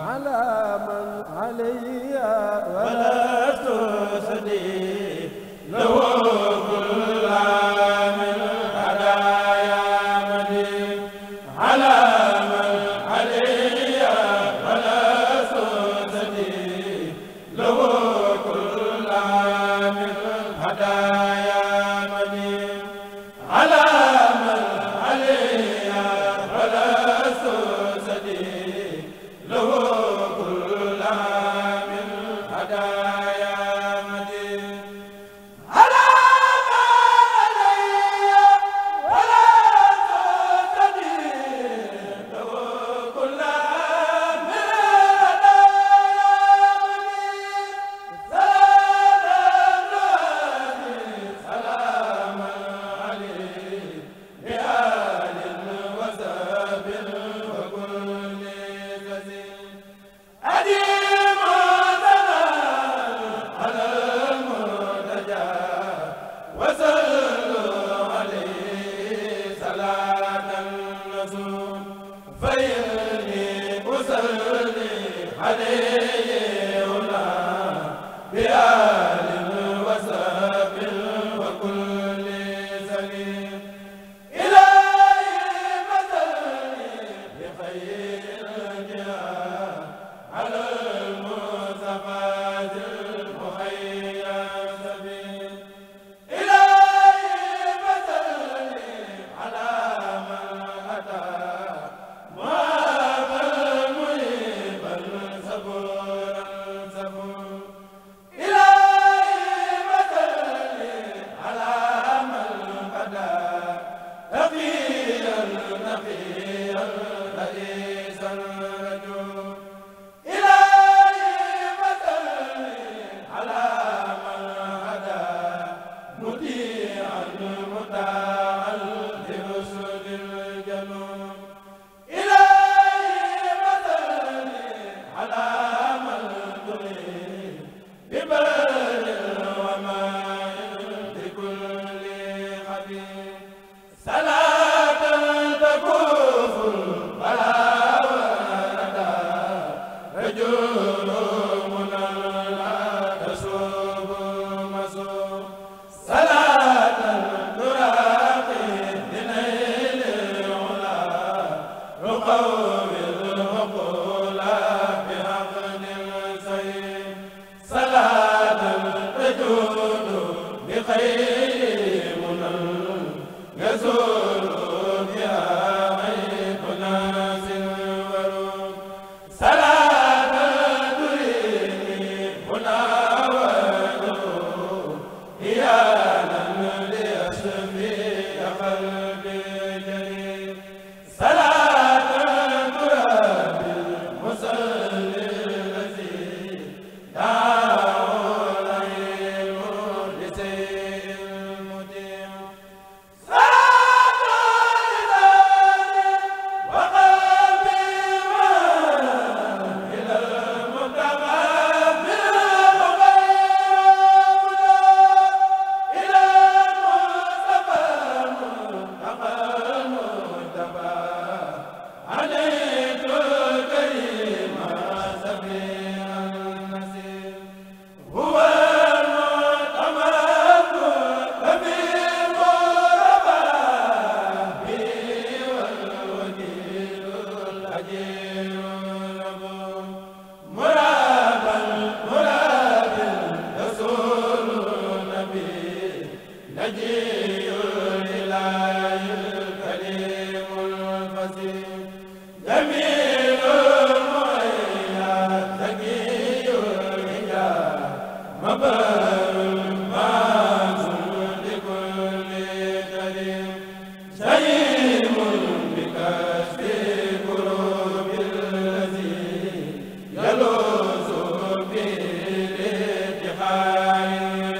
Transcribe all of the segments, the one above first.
على من علي ولا تسدي لو bi yaa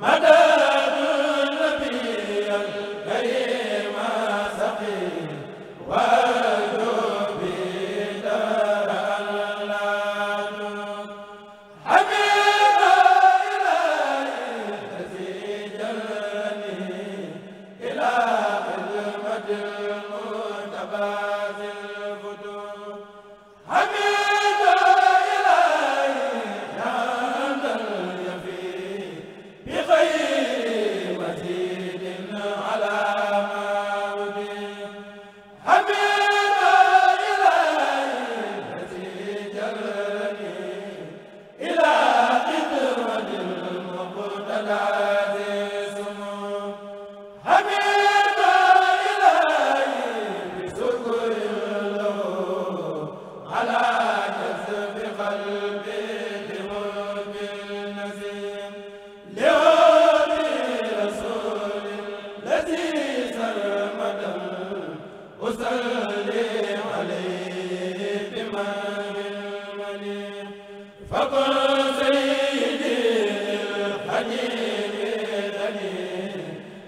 Mada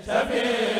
Shafi